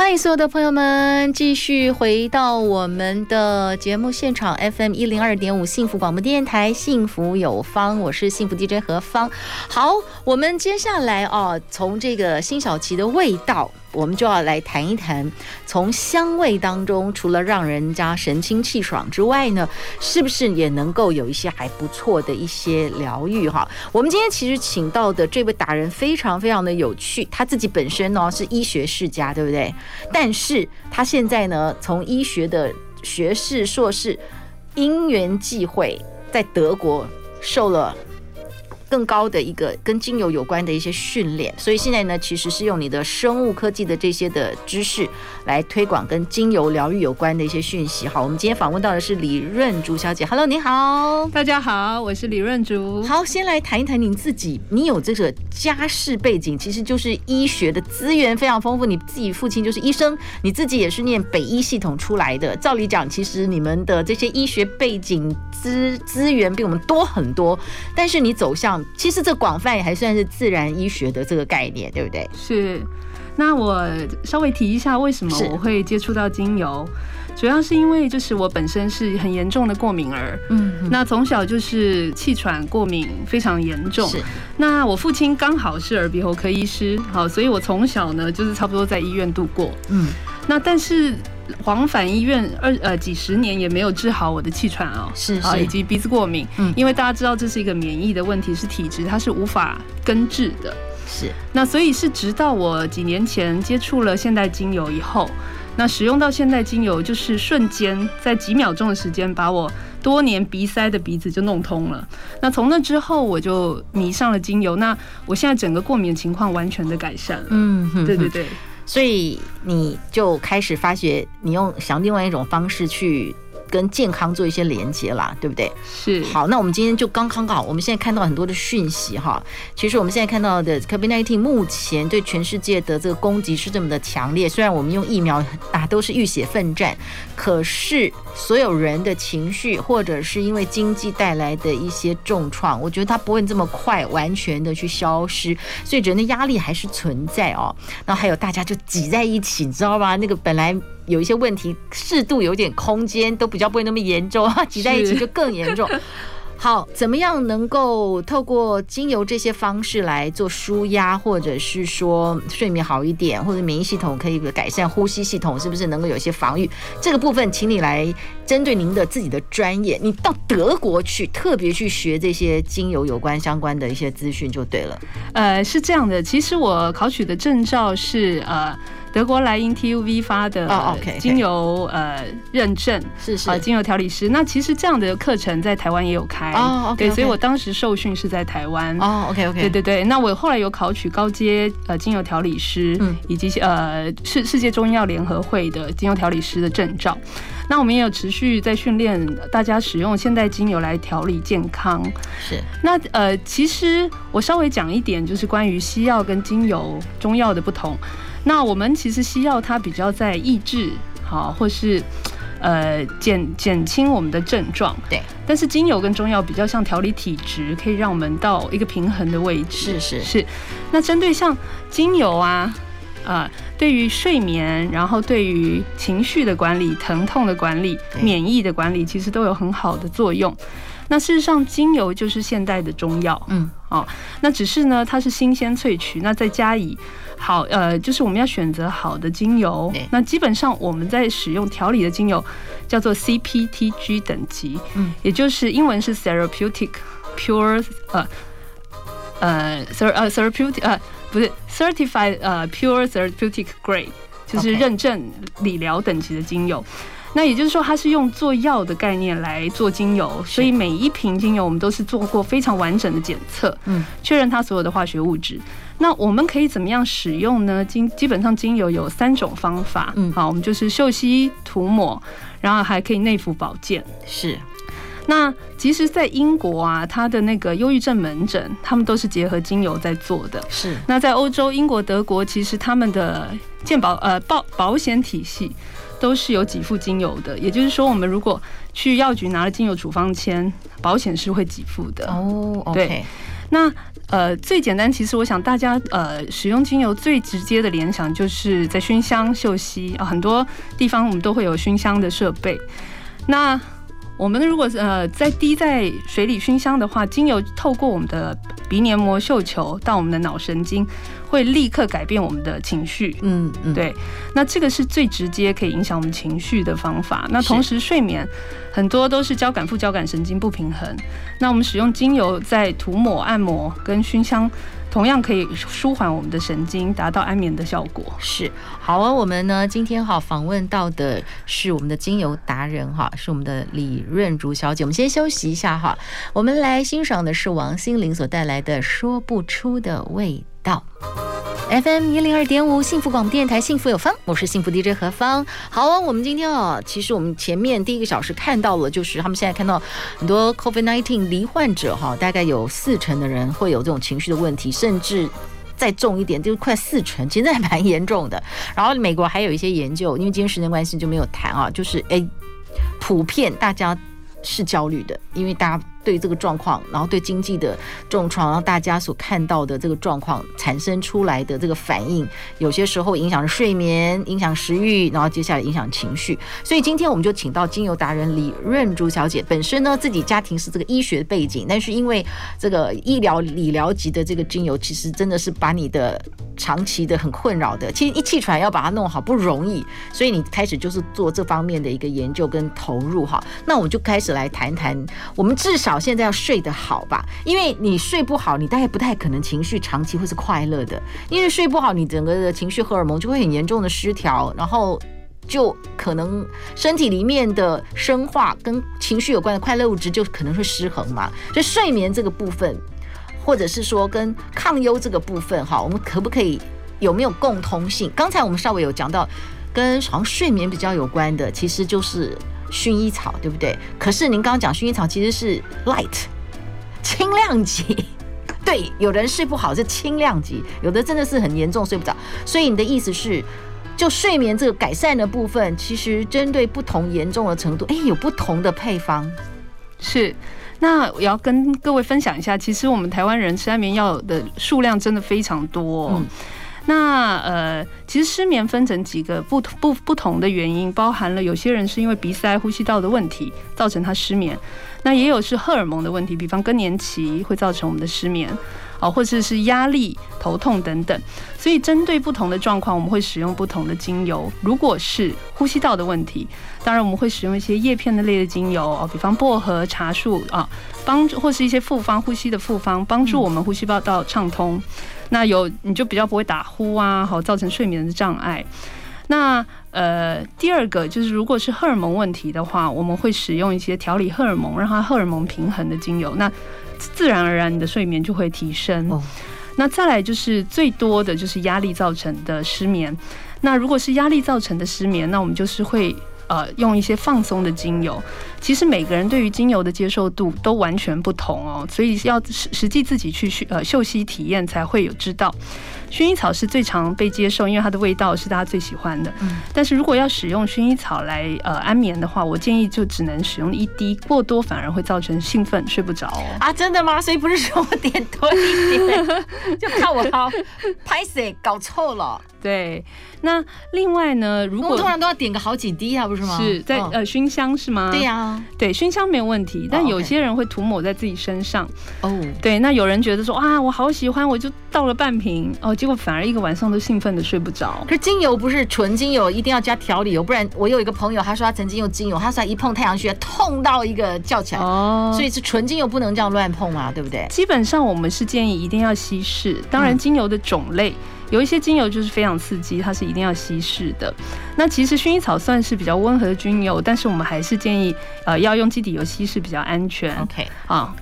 歡迎所有的朋友們繼續回到我們的節目現場，FM 一零二點五幸福廣播電台，幸福有方，我是幸福 DJ 何芳。好，我們接下來哦、啊，從這個辛曉琪的味道。我們就要來談一談，從香味當中，除了讓人家神清氣爽之外呢，是不是也能夠有一些還不錯的一些療癒？哈，我們今天其實請到的這位達人非常非常的有趣，他自己本身呢是醫學世家，對不對？但是他現在呢，從醫學的學士、碩士，因緣際會，在德國受了。更高的一個跟精油有關的一些訓練，所以現在呢，其實是用你的生物科技的這些的知識來推廣跟精油療癒有關的一些訊息。好，我們今天訪問到的是李潤築小姐。Hello，你好，大家好，我是李潤築。好，先來談一談你自己，你有這個家世背景，其實就是醫學的資源非常豐富，你自己父親就是醫生，你自己也是念北醫系統出來的。照理講，其實你們的這些醫學背景資資源比我們多很多，但是你走向其實這廣泛也還算是自然醫學的這個概念，對不對？是。那我稍微提一下，為什麼我會接觸到精油，是主要是因為就是我本身是很嚴重的過敏兒，嗯，那從小就是氣喘過敏非常嚴重。是。那我父親剛好是耳鼻喉科醫師，好，所以我從小呢就是差不多在醫院度過，嗯。那但是。往返醫院二呃幾十年也沒有治好我的氣喘啊、喔。是啊是，以及鼻子過敏，嗯，因為大家知道這是一個免疫的問題，是體質，它是無法根治的。是，那所以是直到我幾年前接觸了現代精油以後，那使用到現代精油，就是瞬間在幾秒鐘的時間把我多年鼻塞的鼻子就弄通了。那從那之後我就迷上了精油，哦、那我現在整個過敏的情況完全的改善了。哦、嗯，對對對。所以你就開始發覺，你用想另外一種方式去。跟健康做一些連接啦，對不對？是。好，那我們今天就剛剛好，我們現在看到很多的訊息哈。其實我們現在看到的 COVID-19 目前對全世界的這個攻擊是這麼的強烈，雖然我們用疫苗啊都是浴血奮戰，可是所有人的情緒或者是因為經濟帶來的一些重創，我覺得它不會這麼快完全的去消失，所以人的壓力還是存在哦。那還有大家就擠在一起，你知道嗎？那個本來。有一些問題，適度有點空間，都比較不會那麼嚴重啊。擠在一起就更嚴重。是，好，怎麼樣能夠透過精油這些方式來做舒壓，或者是說睡眠好一點，或者是免疫系統可以改善呼吸系統，是不是能夠有些防禦？這個部分，請你來針對您的自己的專業，你到德國去特別去學這些精油有關相關的一些資訊就對了。呃，是這樣的，其實我考取的證照是呃。德國萊茵 TUV 發的精油、oh, okay, okay. 呃認證，是是、呃、精油調理師。那其實這樣的課程在台灣也有開，oh, okay, okay. 對，所以我當時受訓是在台灣。哦、oh,，OK OK，對對對。那我後來有考取高階呃精油調理師，以及、嗯、呃世世界中醫藥聯合會的精油調理師的證照。那我們也有持續在訓練大家使用現代精油來調理健康。是。那呃，其實我稍微講一點，就是關於西藥跟精油、中藥的不同。那我們其實西藥它比較在抑制，好、哦，或是呃減減輕我們的症狀，對。但是精油跟中藥比較像調理體質，可以讓我們到一個平衡的位置。是是是。那針對像精油啊啊、呃，對於睡眠，然後對於情緒的管理、疼痛的管理、免疫的管理，其實都有很好的作用。對那事實上，精油就是現代的中藥，嗯，好、哦。那只是呢，它是新鮮萃取，那再加以。好，呃，就是我們要選擇好的精油。對那基本上我們在使用調理的精油，叫做 CPTG 等級，嗯，也就是英文是 therapeutic pure，呃呃，ther 呃 therapeutic 呃，不是 certified 呃、uh, pure therapeutic grade，就是認證理療等級的精油。Okay 那也就是說，它是用做藥的概念來做精油，是所以每一瓶精油我們都是做過非常完整的檢測，嗯，確認它所有的化學物質。那我們可以怎麼樣使用呢？基本上精油有三種方法，嗯，好，我們就是嗅吸、塗抹，然後還可以內服保健。是。那其實，在英國啊，它的那個憂鬱症門診，他們都是結合精油在做的。是。那在歐洲，英國、德國，其實他們的健保呃保保險體系都是有給付精油的。也就是說，我們如果去藥局拿了精油處方簽，保險是會給付的。哦，okay，對，那。呃，最簡單，其實我想大家呃，使用精油最直接的聯想就是在熏香、嗅吸啊，很多地方我們都會有熏香的設備，那。我們如果是呃在滴在水裡熏香的話，精油透過我們的鼻黏膜、嗅球到我們的腦神經，會立刻改變我們的情緒。嗯嗯，嗯對。那這個是最直接可以影響我們情緒的方法。那同時睡眠是很多都是交感副交感神經不平衡。那我們使用精油在塗抹、按摩跟熏香。同樣可以舒緩我們的神經，達到安眠的效果。是，好啊，我們呢，今天哈訪問到的是我們的精油達人哈，是我們的李潤築小姐。我們先休息一下哈，我們來欣賞的是王心凌所帶來的《說不出的味道》。FM 一零二點五，幸福廣播電台，幸福有方，我是幸福 DJ 何方。好，我們今天啊，其實我們前面第一個小時看到了，就是他們現在看到很多 COVID 19罹患者哈，大概有四成的人會有這種情緒的問題，甚至再重一點就快四成，其實還蠻嚴重的。然後美國還有一些研究，因為今天時間關係就沒有談啊，就是哎，普遍大家是焦慮的，因為大家。對這個狀況，然後對經濟的重創，然後大家所看到的這個狀況產生出來的這個反應，有些時候影響了睡眠，影響食慾，然後接下來影響情緒。所以今天我們就請到精油達人李潤築小姐，本身呢，自己家庭是這個醫學背景，但是因為這個醫療理療級的這個精油，其實真的是把你的長期的很困擾的，其實一氣喘，要把它弄好不容易，所以你開始就是做這方面的一個研究跟投入哈。那我們就開始來談談，我們至少。好，現在要睡得好吧，因為你睡不好，你大概不太可能情緒長期會是快樂的，因為睡不好，你整個的情緒荷爾蒙就會很嚴重的失調，然後就可能身體裡面的生化跟情緒有關的快樂物質就可能會失衡嘛。所以睡眠這個部分，或者是說跟抗憂這個部分，哈，我們可不可以有沒有共通性？剛才我們稍微有講到跟床睡眠比較有關的，其實就是。薰衣草對不對？可是您剛剛講薰衣草其實是 light，輕量級。 對，有人睡不好是輕量級，有的真的是很嚴重，睡不着。所以你的意思是，就睡眠這個改善的部分，其實針對不同嚴重的程度，誒，有不同的配方。是，那我要跟各位分享一下，其實我們台灣人吃安眠藥的數量真的非常多。嗯那呃，其實失眠分成幾個不同不不、不同的原因，包含了有些人是因為鼻塞、呼吸道的問題造成他失眠，那也有是荷爾蒙的問題，比方更年期會造成我們的失眠。哦，或者是壓力、頭痛等等，所以針對不同的狀況，我們會使用不同的精油。如果是呼吸道的問題，當然我們會使用一些葉片的類的精油，哦，比方薄荷、茶樹啊，哦、幫助或是一些複方呼吸的複方，幫助我們呼吸道到暢通。嗯、那有你就比較不會打呼啊，好造成睡眠的障礙。那呃，第二個就是如果是荷爾蒙問題的話，我們會使用一些調理荷爾蒙，讓它荷爾蒙平衡的精油。那自然而然，你的睡眠就會提升。那再來就是最多的就是壓力造成的失眠。那如果是壓力造成的失眠，那我們就是會呃用一些放鬆的精油。其實每個人對於精油的接受度都完全不同哦，所以要實實際自己去嗅呃嗅吸體驗才會有知道。薰衣草是最常被接受，因為它的味道是大家最喜歡的。嗯、但是如果要使用薰衣草來呃安眠的話，我建議就只能使用一滴，過多反而會造成興奮睡不着，哦。啊，真的嗎？所以不是說我點多一點， 就怕我好拍謝 搞錯了。對，那另外呢，如果通常、嗯、都要點個好幾滴啊，不是嗎？是在、哦、呃燻香是嗎？對呀、啊。對，燻香沒有問題，但有些人會塗抹在自己身上。哦，oh, okay . oh. 對，那有人覺得說，哇，我好喜歡，我就倒了半瓶，哦，結果反而一個晚上都興奮得睡不着。可是精油不是純精油，一定要加調理油，不然我有一個朋友，他說他曾經用精油，他說他一碰太陽穴痛到一個叫起來。哦，oh. 所以是純精油不能這樣亂碰啊，對不對？基本上我們是建議一定要稀釋，當然精油的種類。嗯有一些精油就是非常刺激，它是一定要稀釋的。那其實薰衣草算是比較溫和的精油，但是我們還是建議，呃，要用基底油稀釋比較安全。OK，好。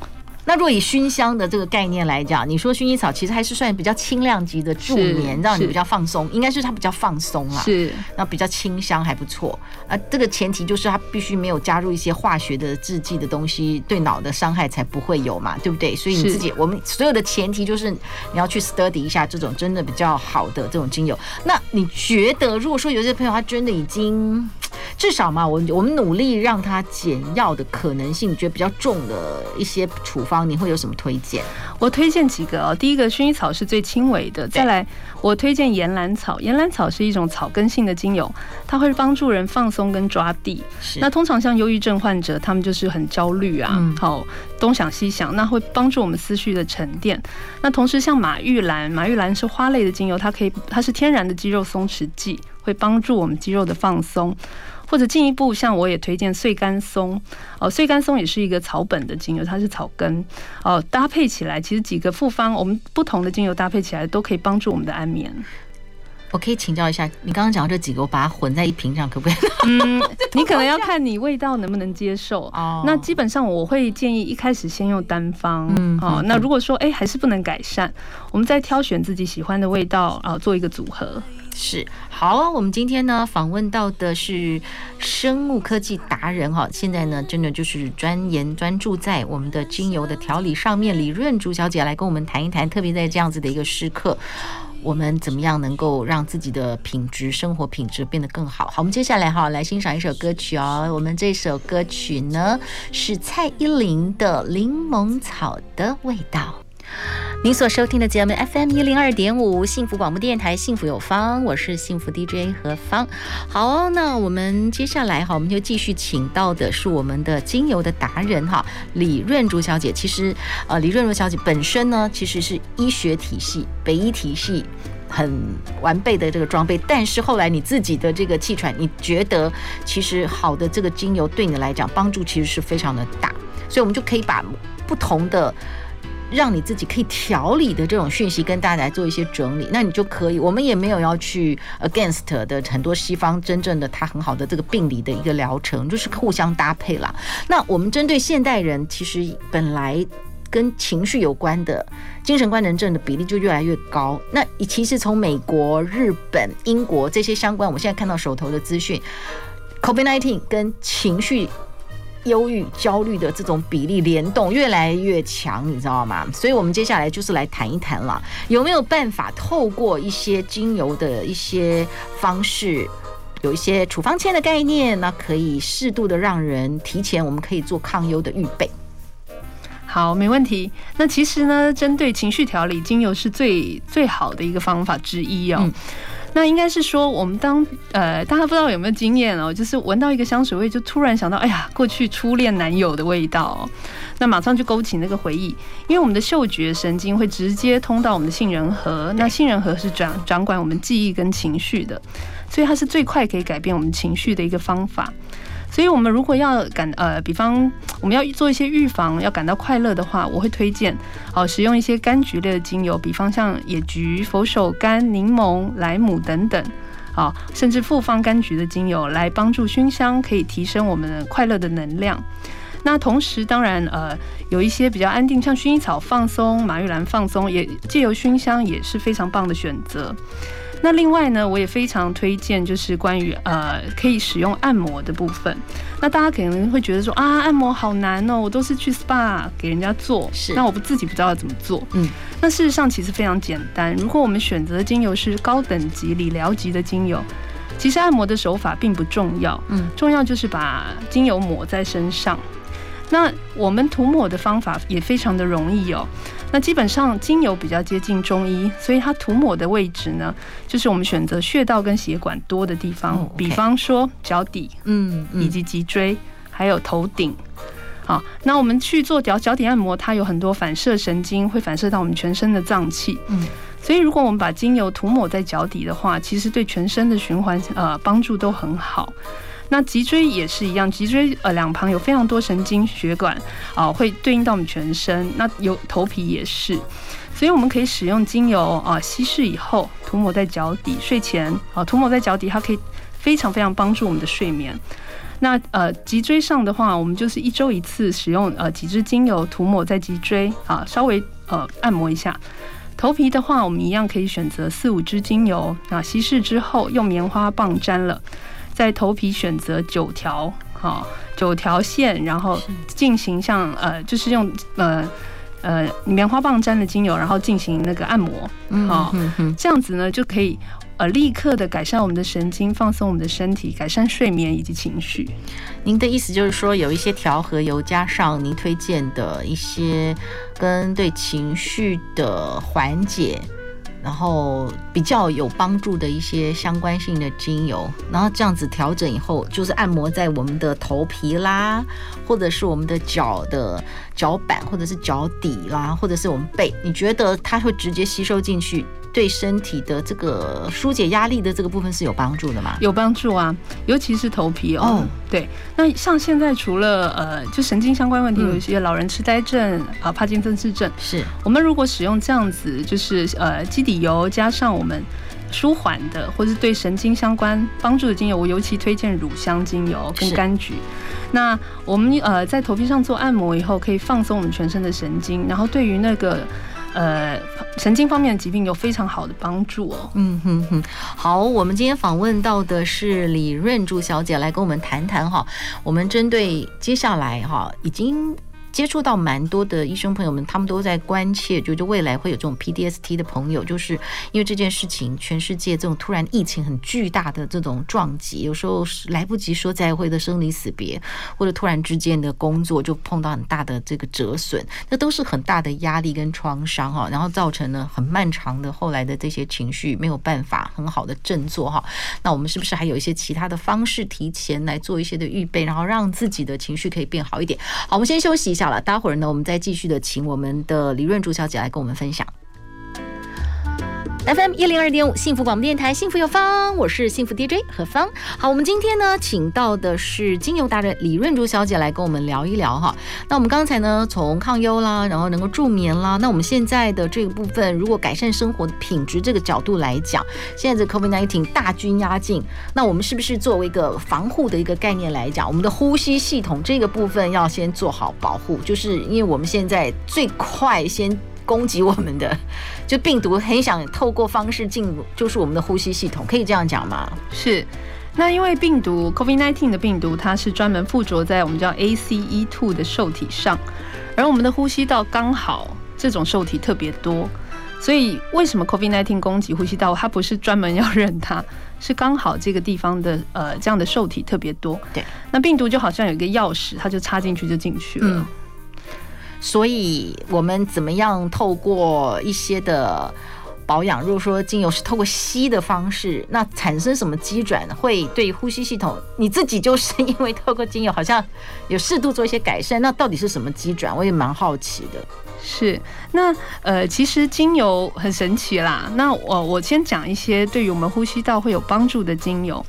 那若以熏香的這個概念來講，你說薰衣草其實還是算比較輕量級的助眠，是讓你比較放鬆，是應該是它比較放鬆啊，是，那比較清香還不錯。啊，這個前提就是它必須沒有加入一些化學的製劑的東西，對腦的傷害才不會有嘛，對不對？所以你自己是我們所有的前提就是你要去 study 一下這種真的比較好的這種精油。那你覺得，如果說有些朋友他真的已經。至少嘛，我我們努力讓它減藥的可能性，你覺得比較重的一些處方，你會有什麼推薦？我推薦幾個，第一個薰衣草是最輕微的。再來，我推薦岩蘭草，岩蘭草是一種草根性的精油，它會幫助人放鬆跟抓地。是那通常像憂鬱症患者，他們就是很焦慮啊，好、嗯哦、東想西想，那會幫助我們思緒的沉澱。那同時像馬鬱蘭，馬鬱蘭是花類的精油，它可以它是天然的肌肉鬆弛劑。會幫助我們肌肉的放鬆，或者進一步，像我也推薦穗甘松哦，穗甘松也是一個草本的精油，它是草根哦，搭配起來，其實幾個複方，我們不同的精油搭配起來都可以幫助我們的安眠。我可以請教一下，你剛剛講的這幾個，我把它混在一瓶上，可不可以？ 嗯，你可能要看你味道能不能接受哦。 那基本上我會建議一開始先用單方，嗯，哦，那如果說哎還是不能改善，我們再挑選自己喜歡的味道啊、哦，做一個組合。是，好，我們今天呢，訪問到的是生物科技達人哈，現在呢真的就是專研、專注在我們的精油的調理上面。李潤築小姐來跟我們談一談，特別在這樣子的一個時刻，我們怎麼樣能夠讓自己的品質生活、品質變得更好。好，我們接下來哈，來欣賞一首歌曲哦，我們這首歌曲呢是蔡依林的《檸檬草的味道》。您所收聽的節目 FM 一零二點五，幸福廣播電台，幸福有方，我是幸福 DJ 何芳。好，那我們接下來，哈，我們就繼續請到的是我們的精油的達人哈，李潤築小姐。其實，呃，李潤築小姐本身呢，其實是醫學體系，北醫體系很完備的這個裝備。但是後來你自己的這個氣喘，你覺得其實好的這個精油對你來講幫助其實是非常的大，所以我們就可以把不同的。讓你自己可以調理的這種訊息，跟大家來做一些整理，那你就可以。我們也沒有要去 against 的很多西方真正的他很好的這個病理的一個療程，就是互相搭配了。那我們針對現代人，其實本來跟情緒有關的精神官能症的比例就越來越高。那其實從美國、日本、英國這些相關，我現在看到手頭的資訊，COVID-19 跟情緒。憂鬱、焦慮的這種比例聯動越來越強，你知道嗎？所以，我們接下來就是來談一談了，有沒有辦法透過一些精油的一些方式，有一些處方箋的概念，那可以適度的讓人提前，我們可以做抗憂的預備。好，沒問題。那其實呢，針對情緒調理，精油是最最好的一個方法之一哦、喔。嗯那應該是說，我們當呃，大家不知道有沒有經驗哦，就是聞到一個香水味，就突然想到，哎呀，過去初戀男友的味道哦，那馬上就勾起那個回憶，因為我們的嗅覺神經會直接通到我們的杏仁核，那杏仁核是掌掌管我們記憶跟情緒的，所以它是最快可以改變我們情緒的一個方法。所以，我們如果要感呃，比方我們要做一些預防，要感到快樂的話，我會推薦哦，使用一些柑橘類的精油，比方像野橘、佛手柑、檸檬、萊姆等等，哦，甚至複方柑橘的精油來幫助熏香，可以提升我們快樂的能量。那同時，當然呃，有一些比較安定，像薰衣草放鬆、馬鬱蘭放鬆，也借由熏香也是非常棒的選擇。那另外呢，我也非常推薦，就是關於呃可以使用按摩的部分。那大家可能會覺得說啊，按摩好難哦，我都是去 SPA 給人家做，是，那我不自己不知道要怎麼做。嗯，那事實上其實非常簡單，如果我們選擇的精油是高等級理療級的精油，其實按摩的手法並不重要，嗯，重要就是把精油抹在身上。那我們塗抹的方法也非常的容易哦。那基本上精油比較接近中醫，所以它塗抹的位置呢，就是我們選擇穴道跟血管多的地方，比方說腳底，嗯，以及脊椎，還有頭頂。好，那我們去做腳腳底按摩，它有很多反射神經會反射到我們全身的臟器，嗯，所以如果我們把精油塗抹在腳底的話，其實對全身的循環呃幫助都很好。那脊椎也是一樣，脊椎呃兩旁有非常多神經血管啊、呃，會對應到我們全身。那有頭皮也是，所以我們可以使用精油啊、呃，稀釋以後塗抹在腳底，睡前啊、呃、塗抹在腳底，它可以非常非常幫助我們的睡眠。那呃脊椎上的話，我們就是一周一次使用呃幾支精油塗抹在脊椎啊、呃，稍微呃按摩一下。頭皮的話，我們一樣可以選擇四五支精油啊，呃、稀釋之後用棉花棒沾了。在頭皮選擇九條，好、哦、九條線，然後進行像是呃，就是用呃呃棉花棒沾的精油，然後進行那個按摩，好、哦，嗯、哼哼這樣子呢，就可以呃立刻的改善我們的神經，放鬆我們的身體，改善睡眠以及情緒。您的意思就是說，有一些調和油加上您推薦的一些跟對情緒的緩解然後比較有幫助的一些相關性的精油，然後這樣子調整以後，就是按摩在我們的頭皮啦，或者是我們的腳的腳板，或者是腳底啦，或者是我們背，你覺得它會直接吸收進去？對身體的這個疏解壓力的這個部分是有幫助的嗎？有幫助啊，尤其是頭皮哦。哦對，那像現在除了呃，就神經相關問題，有一些老人痴呆症啊、帕金森氏症，是我們如果使用這樣子，就是呃，基底油加上我們舒緩的，或者是對神經相關幫助的精油，我尤其推薦乳香精油跟柑橘。是那我們呃，在頭皮上做按摩以後，可以放鬆我們全身的神經，然後對於那個。呃，神經方面的疾病有非常好的幫助哦。嗯哼哼，好，我們今天訪問到的是李潤築小姐，來跟我們談談哈。我們針對接下來哈，已經。接觸到蠻多的醫生朋友們，他們都在關切，就就是、未來會有這種 PTSD 的朋友，就是因為這件事情，全世界這種突然疫情很巨大的這種撞擊，有時候來不及說再會的生離死別，或者突然之間的工作就碰到很大的這個折損，那都是很大的壓力跟創傷哈，然後造成了很漫長的後來的這些情緒沒有辦法很好的振作哈，那我們是不是還有一些其他的方式提前來做一些的預備，然後讓自己的情緒可以變好一點？好，我們先休息。好了，待會兒呢，我們再繼續的，請我們的李潤築小姐來跟我們分享。FM 一零二點五，5，幸福廣播電台，幸福有方，我是幸福 DJ 何芳。好，我們今天呢，請到的是精油達人李潤築小姐來跟我們聊一聊哈。那我們剛才呢，從抗憂啦，然後能夠助眠啦，那我們現在的這個部分，如果改善生活的品質這個角度來講，現在這 COVID nineteen 大軍壓境，那我們是不是作為一個防護的一個概念來講，我們的呼吸系統這個部分要先做好保護？就是因為我們現在最快先。攻擊我們的就病毒很想透過方式，進入，就是我們的呼吸系統，可以這樣講嗎？是。那因為病毒 COVID-19 的病毒，它是專門附着在我們叫 ACE2 的受體上，而我們的呼吸道剛好這種受體特別多，所以為什麼 COVID-19 攻擊呼吸道？它不是專門要認它，是剛好這個地方的呃這樣的受體特別多。對。那病毒就好像有一個鑰匙，它就插進去就進去了。嗯所以，我們怎麼樣透過一些的保養？如果說精油是透過吸的方式，那產生什麼機轉，會對呼吸系統？你自己就是因為透過精油，好像有適度做一些改善。那到底是什麼機轉？我也蠻好奇的。是，那呃，其實精油很神奇啦。那我我先講一些對於我們呼吸道會有幫助的精油。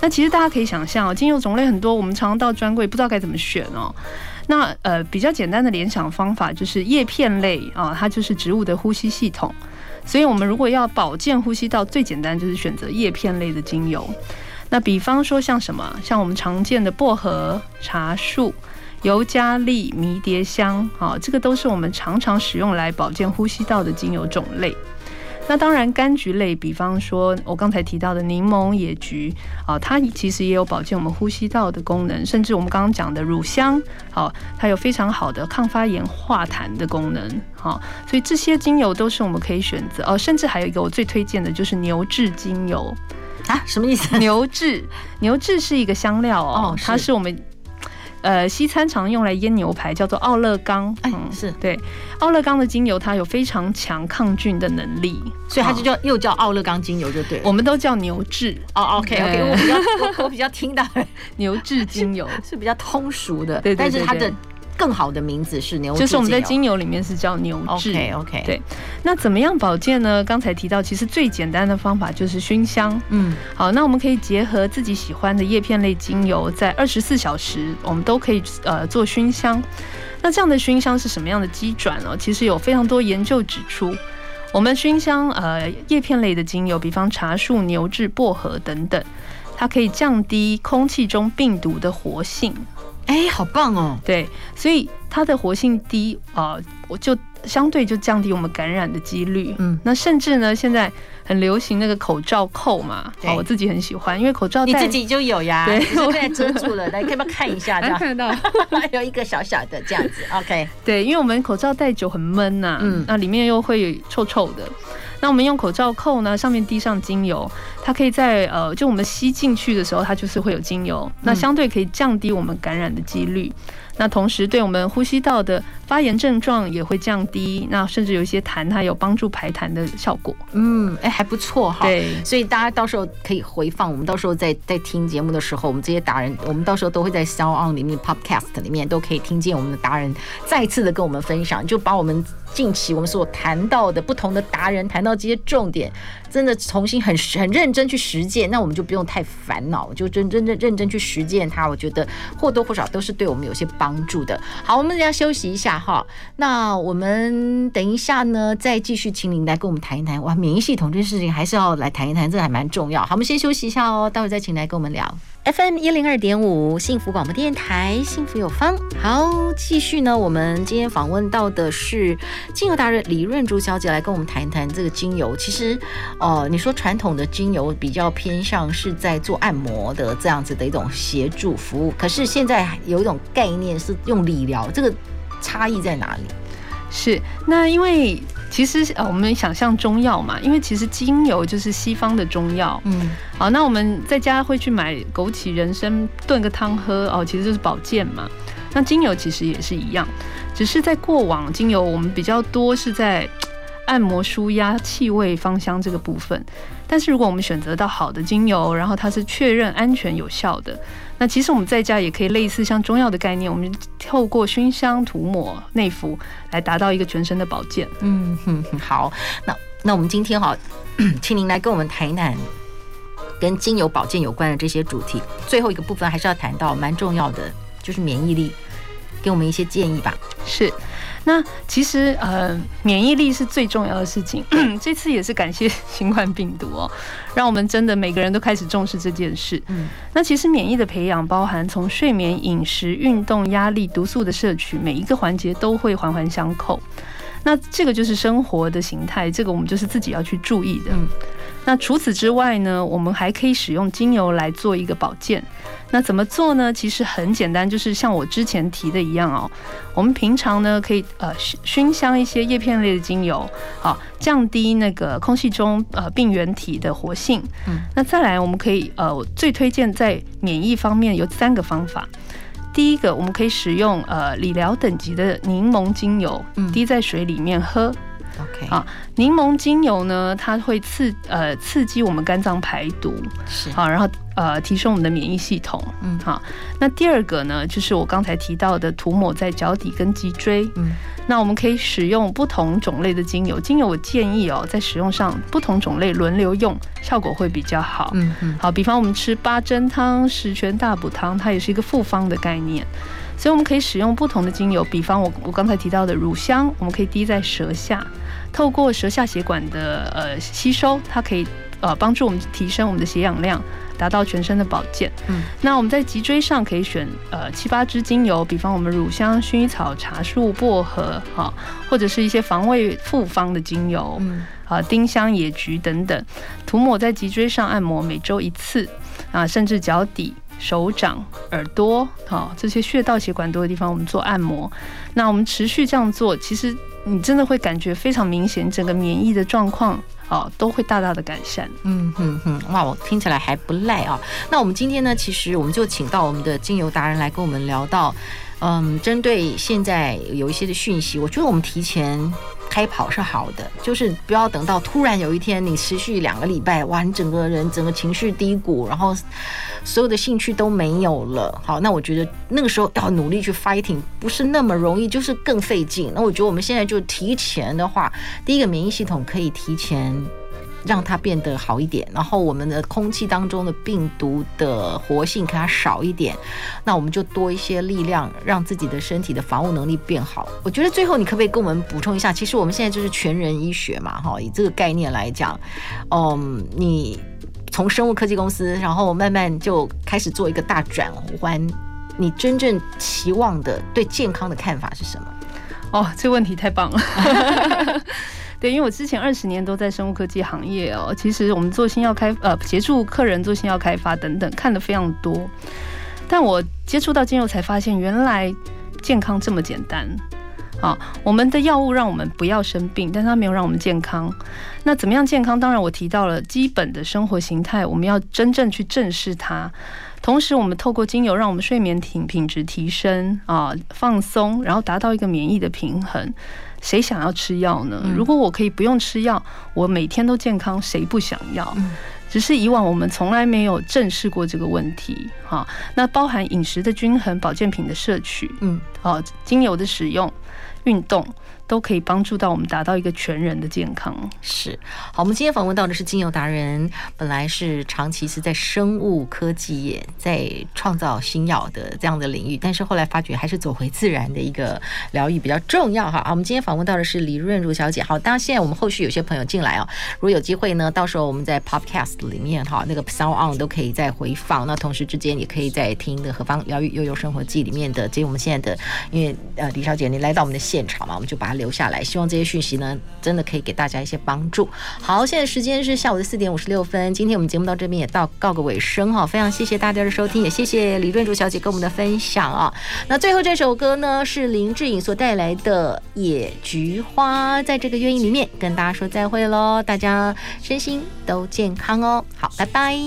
那其實大家可以想象哦，精油種類很多，我們常常到專櫃不知道該怎麼選哦。那呃，比較簡單的聯想方法就是葉片類啊、哦，它就是植物的呼吸系統。所以我們如果要保健呼吸道，最簡單就是選擇葉片類的精油。那比方說像什麼？像我們常見的薄荷、茶樹、尤加利、迷迭香啊、哦，這個都是我們常常使用來保健呼吸道的精油種類。那當然，柑橘類，比方說我剛才提到的檸檬、野橘，啊、哦，它其實也有保健我們呼吸道的功能，甚至我們剛剛講的乳香，好、哦，它有非常好的抗發炎、化痰的功能，好、哦，所以這些精油都是我們可以選擇，哦，甚至還有一個我最推薦的就是牛至精油，啊，什麼意思？牛至，牛至是一個香料哦，哦是它是我們。呃，西餐常用來醃牛排叫做奧勒岡，嗯，哎、是對，奧勒岡的精油它有非常強抗菌的能力，所以它就叫、哦、又叫奧勒岡精油就對了，我們都叫牛至哦，OK OK，對我比較我，我比較聽到 牛至精油 是，是比較通俗的，對對對對，但是它的。更好的名字是牛，哦，就是我們在精油裡面是叫牛至。OK、OK。對，那怎麼樣保健呢？剛才提到，其實最簡單的方法就是熏香。嗯，好，那我們可以結合自己喜歡的葉片類精油，在二十四小時，我們都可以呃做熏香。那這樣的熏香是什麼樣的機轉呢？其實有非常多研究指出，我們熏香呃葉片類的精油，比方茶樹、牛至、薄荷等等，它可以降低空氣中病毒的活性。哎，好棒哦！對，所以它的活性低啊，我就相對就降低我們感染的幾率。嗯，那甚至呢，現在很流行那個口罩扣嘛，哦，我自己很喜歡，因為口罩你自己就有呀，只是現在遮住了。來，可不可以看一下？看到，還有一個小小的這樣子。OK，對，因為我們口罩戴久很悶吶，嗯，那裡面又會臭臭的。那我們用口罩扣呢，上面滴上精油，它可以在呃，就我們吸進去的時候，它就是會有精油。嗯、那相對可以降低我們感染的幾率，那同時對我們呼吸道的發炎症狀也會降低。那甚至有一些痰，它有幫助排痰的效果。嗯，哎、欸，還不錯哈。對，所以大家到時候可以回放。我們到時候在在聽節目的時候，我們這些達人，我們到時候都會在 SoundOn、嗯、裡面、Podcast 裡面都可以聽見我們的達人再次的跟我們分享，就把我們。近期我們所談到的不同的達人談到這些重點，真的重新很很認真去實踐，那我們就不用太煩惱，就真真正認真去實踐它，我覺得或多或少都是對我們有些幫助的。好，我們先休息一下哈，那我們等一下呢再繼續請您來跟我們談一談，哇，免疫系統這件事情還是要來談一談，這還蠻重要。好，我們先休息一下哦，待會再請來跟我們聊。FM 一零二點五，幸福廣播電臺，幸福有方。好，繼續呢，我們今天訪問到的是精油達人李潤築小姐，來跟我們談一談這個精油。其實，哦、呃，你說傳統的精油比較偏向是在做按摩的這樣子的一種協助服務，可是現在有一種概念是用理療，這個差異在哪裡？是，那因為其實、哦、我們想象中藥嘛，因為其實精油就是西方的中藥。嗯，好、哦，那我們在家會去買枸杞人、人參燉個湯喝，哦，其實就是保健嘛。那精油其實也是一樣，只是在過往精油我們比較多是在按摩、舒壓、氣味、芳香這個部分。但是如果我們選擇到好的精油，然後它是確認安全有效的，那其實我們在家也可以類似像中藥的概念，我們透過熏香、塗抹、內服來達到一個全身的保健。嗯，好，那那我們今天哈，請您來跟我們談一談跟精油保健有關的這些主題，最後一個部分還是要談到蠻重要的，就是免疫力，給我們一些建議吧。是。那其實，呃，免疫力是最重要的事情。這次也是感謝新冠病毒哦，讓我們真的每個人都開始重視這件事。嗯，那其實免疫的培養包含從睡眠、飲食、運動、壓力、毒素的攝取，每一個環節都會環環相扣。那這個就是生活的形態，這個我們就是自己要去注意的。嗯。那除此之外呢，我們還可以使用精油來做一個保健。那怎麼做呢？其實很簡單，就是像我之前提的一樣哦。我們平常呢，可以呃熏熏香一些葉片類的精油，好，呃，降低那個空氣中呃病原體的活性。嗯。那再來，我們可以呃最推薦在免疫方面有三個方法。第一個，我們可以使用呃理療等級的檸檬精油，嗯，滴在水裡面喝。嗯 OK，檸檬精油呢，它會刺呃刺激我們肝臟排毒，是，然後呃提升我們的免疫系統，嗯，好，那第二個呢，就是我剛才提到的塗抹在腳底跟脊椎，嗯，那我們可以使用不同種類的精油，精油我建議哦，在使用上不同種類輪流用，效果會比較好，嗯哼，好，比方我們吃八珍湯、十全大補湯，它也是一個複方的概念，所以我們可以使用不同的精油，比方我我剛才提到的乳香，我們可以滴在舌下。透過舌下血管的呃吸收，它可以呃幫助我們提升我們的血氧量，達到全身的保健。嗯，那我們在脊椎上可以選呃七八支精油，比方我們乳香、薰衣草、茶樹、薄荷哈、哦，或者是一些防衛複方的精油，啊、嗯呃、丁香、野菊等等，塗抹在脊椎上按摩，每周一次啊，甚至腳底。手掌、耳朵，好、哦，這些穴道、血管多的地方，我們做按摩。那我們持續這樣做，其實你真的會感覺非常明顯，整個免疫的狀況，哦，都會大大的改善。嗯哼哼，哇，我聽起來還不賴啊。那我們今天呢，其實我們就請到我們的精油達人來跟我們聊到。嗯，針對現在有一些的訊息，我覺得我們提前開跑是好的，就是不要等到突然有一天你持續兩個禮拜，哇，你整個人整個情緒低谷，然後所有的興趣都沒有了。好，那我覺得那個時候要努力去 fighting，不是那麼容易，就是更費勁。那我覺得我們現在就提前的話，第一個免疫系統可以提前，讓它變得好一點，然後我們的空氣當中的病毒的活性給它少一點，那我們就多一些力量，讓自己的身體的防護能力變好。我覺得最後你可不可以跟我們補充一下？其實我們現在就是全人醫學嘛，哈，以這個概念來講，嗯，你從生物科技公司，然後慢慢就開始做一個大轉彎，你真正期望的對健康的看法是什麼？哦，這問題太棒了。 對，因為我之前二十年都在生物科技行業哦，其實我們做新藥開呃，協助客人做新藥開發等等，看得非常多。但我接觸到精油才發現，原來健康這麼簡單。啊、哦，我們的藥物讓我們不要生病，但它沒有讓我們健康。那怎麼樣健康？當然我提到了基本的生活形態，我們要真正去正視它。同時，我們透過精油，讓我們睡眠品品質提升啊、哦，放鬆，然後達到一個免疫的平衡。誰想要吃藥呢？如果我可以不用吃藥，我每天都健康，誰不想要？只是以往我們從來沒有正視過這個問題。哈，那包含飲食的均衡、保健品的攝取，嗯，好，精油的使用、運動。都可以幫助到我們，達到一個全人的健康。是，好，我們今天訪問到的是精油達人，本來是長期是在生物科技業，在創造新藥的這樣的領域，但是後來發覺還是走回自然的一個療癒比較重要。哈，我們今天訪問到的是李潤築小姐。好，當然現在我們後續有些朋友進來哦，如果有機會呢，到時候我們在 Podcast 裡面哈，那個 Sound On 都可以再回放。那同時之間也可以在聽的何方療癒悠悠生活記裡面的。既然我們現在的，因為呃李小姐你來到我們的現場嘛，我們就把。留下來，希望這些訊息呢，真的可以給大家一些幫助。好，現在時間是下午的四點五十六分，今天我們節目到這邊也到告個尾聲哈、啊，非常謝謝大家的收聽，也謝謝李潤築小姐跟我們的分享啊。那最後這首歌呢，是林志穎所帶來的《野菊花》，在這個樂音裡面跟大家說再會嘍，大家身心都健康哦，好，拜拜。